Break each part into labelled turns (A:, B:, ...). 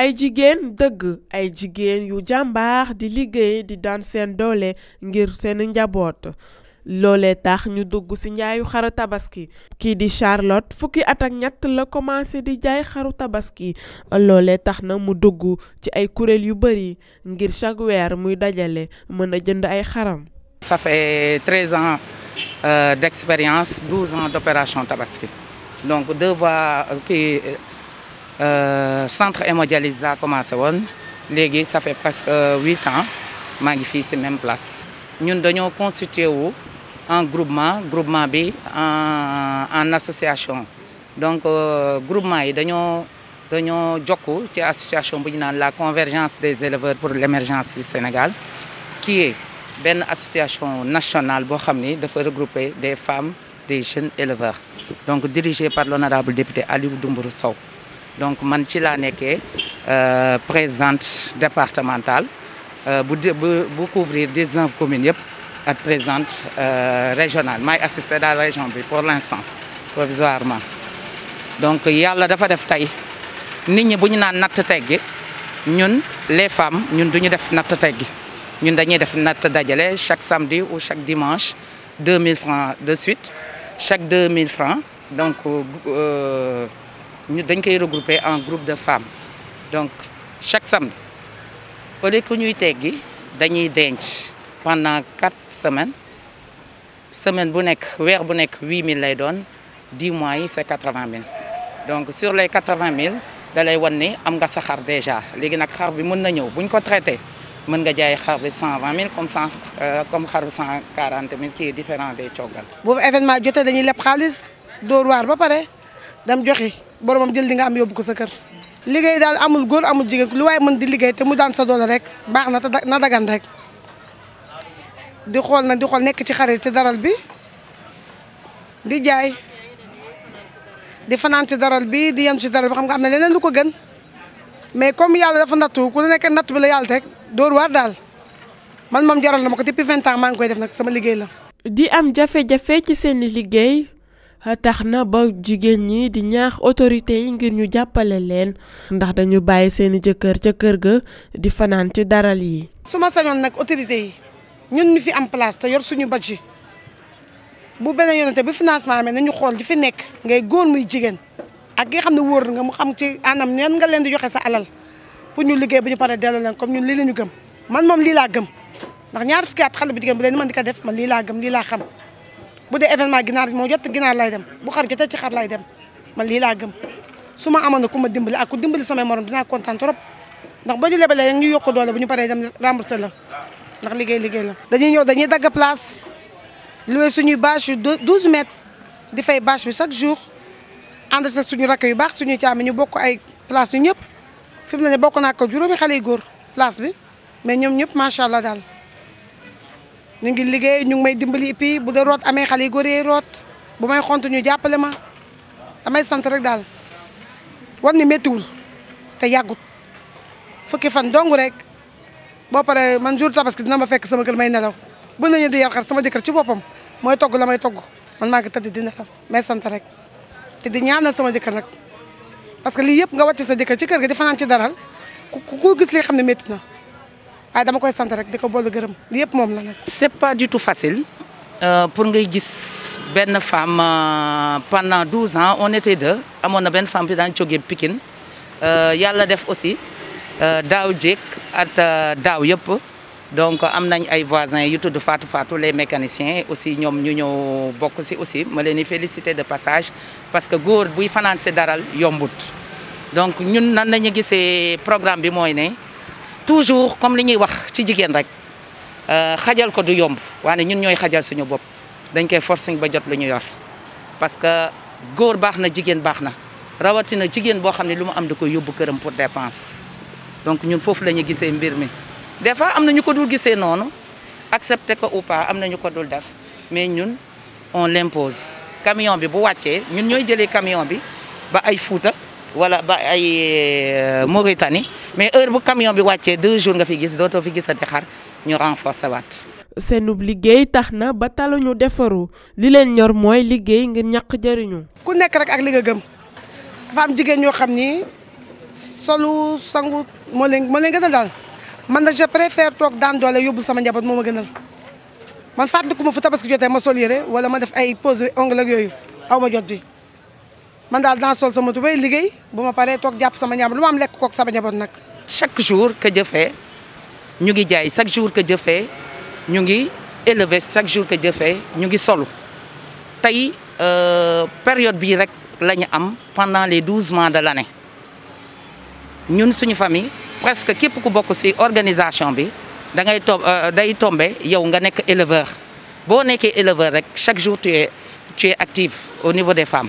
A: ay jigéen dëgg ay jigéen yu jàmbaax di liggéey di daan seen doole ngir seeni njaboot loolee tax ñu dugg ci njaayu xaru tabaski kii di Charlotte fukki at ak ñett la commencé di jaay xaru tabaski loolee tax na mu dugg ci ay kuréel yu bari ngir chaque weer muy dajale mën a jënd ay xaram.
B: ça fait treize ans euh, d'expérience douze ans d'opération tabaski donc deux fois kii. Euh, Le euh, centre est laa commencé ça fait presque euh, huit ans Magnifique, c'est même place. Nous avons constitué un groupement groupement B, en association donc euh, groupement yi est association la convergence des éleveurs pour l'émergence du Sénégal qui est une association nationale de regrouper des femmes des jeunes éleveurs donc dirigée par l'honorable député Aliou Dembourou donc man ci laa euh, présente départementale euh, bu bu couvrir 19 communes et présente euh, régionale. régionale suis assisté dans la région bi pour l'instant provisoirement donc il y a tay nit ñi bu nan nat les femmes ñun sont def nat teggi ñun dañuy def chaque samedi ou chaque dimanche 2000 francs de suite chaque 2000 francs donc nous sommes regroupés en groupe de femmes. Donc, chaque semaine, nous pendant 4 semaines. Semaine bonnec, 8 000 les 10 mois, c'est 80 000. Donc sur les 80 000, dans les années, on a déjà des déjà. Les gens 120 000 comme, 140 000 euh, qui est différent des Tchogal.
C: les événements les dam joxe boromam jël li nga am yóbbu ko sa kër liggéey daal amul góor amul jigéen lu waaye mën di liggéey te mu daan sa doole rek baax na na dagan rek di xool na di xool nekk ci xarit ci daral bi di jaay di fanaan ci daral bi di yenn ci daral bi xam nga am na leneen lu ko gën mais comme yàlla dafa nattu ku nekk natt bi la yàlla teg dóor waar
A: daal man moom jaral na ma ko depuis 20 ans maa ngi koy def nag sama liggéey la. di am jafe-jafe ci seen liggéey. taxna ba jigen ñi di ñaax autorité yi ngir ñu jappalé leen ndax dañu bayé seeni ci kër ga di fanan ci daral yi
C: suma sañon nak autorité yi ñun ñu fi am place te yor suñu budget bu benen yonenté bi financement amé nañu xol di fi nekk ngay goor muy jigen ak nga xamné woor nga mu xam ci anam ñen nga leen di joxé sa alal pour ñu liggéey bu ñu paree delloo leen comme ñun li lañu gëm man mom li la gëm ndax ñaar fukki at xalé bi jigéen bi leen man di ka def man li la gëm li la xam بودي إيفن ما جنار موجود جنار لايدم بخار جتة خار لايدم ملي لاجم سما أمانة كم الدم بلا أكو الدم بلا سما مرام بنا أكو أنت رب نقبل لي بلا ينجي يوكو دولا بني بري دم رام برسلا نقلي جي لجي لا دني يو دني تاك بلاس لو سوني باش 12 متر دي باش بي chaque jour andes na suñu rakay yu bax suñu tiam ñu bokk ay place ñu ñep fim la ne bokk na ko juroomi xalé goor place bi mais ñom ñu ngi liggéey ñu ngi may dimbali puis bu dee root amee xale yu góor yi root bu may xont ñu jàppale ma damay sant rek daal war ni méttiwul te yàggut fukki fan dongu rek boo paree man jour tabaski dina ma fekk sama kër may nelaw bu nañu di yar sama jëkkër ci boppam mooy togg la may togg man maa ngi tëdd di nelaw may sant rek te di ñaan ñaanal sama jëkkër nag parce que lii yëpp nga wàcc sa jëkkër ci kër gi di fanaan ci daral ku gis li xam ne métti na c'est pas du tout facile euh, pour ngay gis
B: femme euh, pendant 12 ans on était deux y a une femme bi daan jógee Pikine euh, yàlla def aussi Daou Djek at Daou Yop donc des voisins les mécaniciens aussi Nous ñu beaucoup aussi je les de passage parce que góor buy fanaan daral donc ñun nan la programme toujours comme li ñuy wax ci jigen rek euh xajal ko du yomb waane ñun ñoy xajal suñu bop dañ koy forcing ba jot lu ñu yor parce que goor baxna jigen baxna rawati na jigen bo boo luma am da koy yóbbu këram pour dépenses donc ñun fofu lañu ñuy mbir mi des fois am na dul gisee nonu accepter ko ou pas amna ñuko dul def mais ñun on l'impose camion bi bu waccé ñun ñoy jëlé camion bi ba ay Fuuta wala ba ay eh, mauritani mais heure bu camion bi wacce deux jours nga fi gis doto fi gisati
A: xar ñu renforcer wat sen obligay taxna ba talu ñu defaru li len ñor moy liggey ngir ñak jariñu ku nek rek ak li nga gëm dafa am jigéen ñoo xam
C: ni sangu mo len mo len gënal man je préfère tok dan dole yobul sama njabot moma gënal man fatlikuma fu tabaski jotay ma solire wala ma def ay pose ongle ak yoyu awma jot di chaque jour que je fais,
B: chaque jour que je fais, nous ngi chaque jour que je euh, période pendant les 12 mois de l'année. Nous, sommes une famille presque qui ku organisation bi da ngay euh, éleveur chaque jour tu es tu es active au niveau des femmes.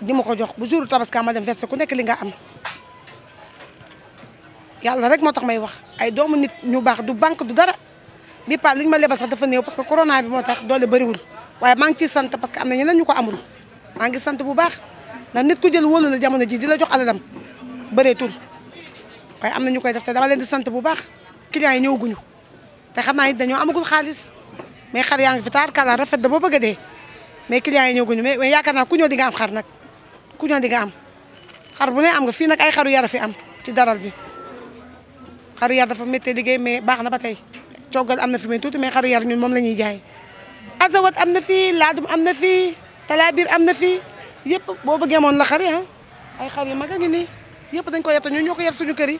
C: di ma ko jox bu jour tabaski ma dem verser ku nekk li nga am yàlla rek moo tax may wax ay doomu nit ñu baax du banque du dara bi pa li ñu ma lebal sax dafa néew parce que corona bi moo tax doole bëriwul waaye maa ngi ciy sant parce que am na ñeneen ñu ko amul maa ngi sant bu baax na nit ku jël wóolu la jamono ji di la jox alalam bëreetul waaye am na ñu koy def te dama leen di sant bu baax clients yi ñëwaguñu te xam naa it dañoo amagul xaalis mais xar yaa ngi fi taar kala rafet da boo bëgg a dee mais clients yi di nga xar nag ku ñëw di nga am xar bu ne am nga fii nag ay xaru yar fi am ci daral bi xaru yar dafa méttee liggéey mais baax na ba tey coggal am na fi mais tuuti mais xaru yar ñun moom la ñuy jaay azawat am na fii laadum am na fii talaabiir am na fi yëpp boo bëggee moon la xar yi ah. ay xar yu mag a ngi nii yëpp dañ ko yar te ñun ñoo ko yar suñu kër yi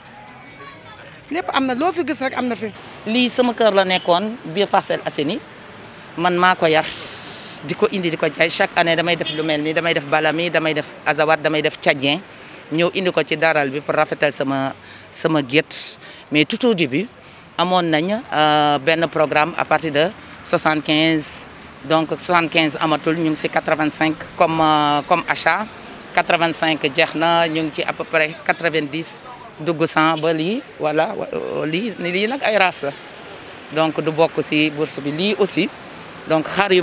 C: lépp am na loo fi gis rek am na fi
B: lii sama kër la nekkoon biir Parcelles ni man maa ko yar chaque année damay def lu melni damay def balami damay def damay daral pour rafetal sama mais tout au début à nañ euh, programme à partir de 75 donc 75 amatul ñu 85 comme euh, comme achat 85 ñu à peu près 90 dugg 100 voilà euh, race donc du bok bourse bi aussi donc xar yu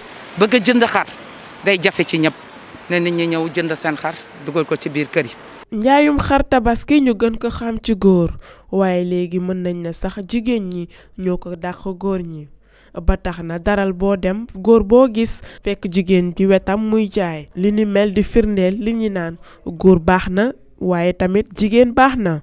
B: bëgg jënd xar day jafe ci ñëpp ne nit ñi ñëw jënd seen xar dugal ko ci biir kër yi.
A: njaayum xar tabaski ñu gën ko xam ci góor waaye léegi mën nañ na sax jigéen ñi ñoo ko dàq góor ñi ba tax na daral boo dem góor boo gis fekk jigéen ci wetam muy jaay li ni mel di firndeel li ñi naan góor baax na waaye tamit jigéen baax na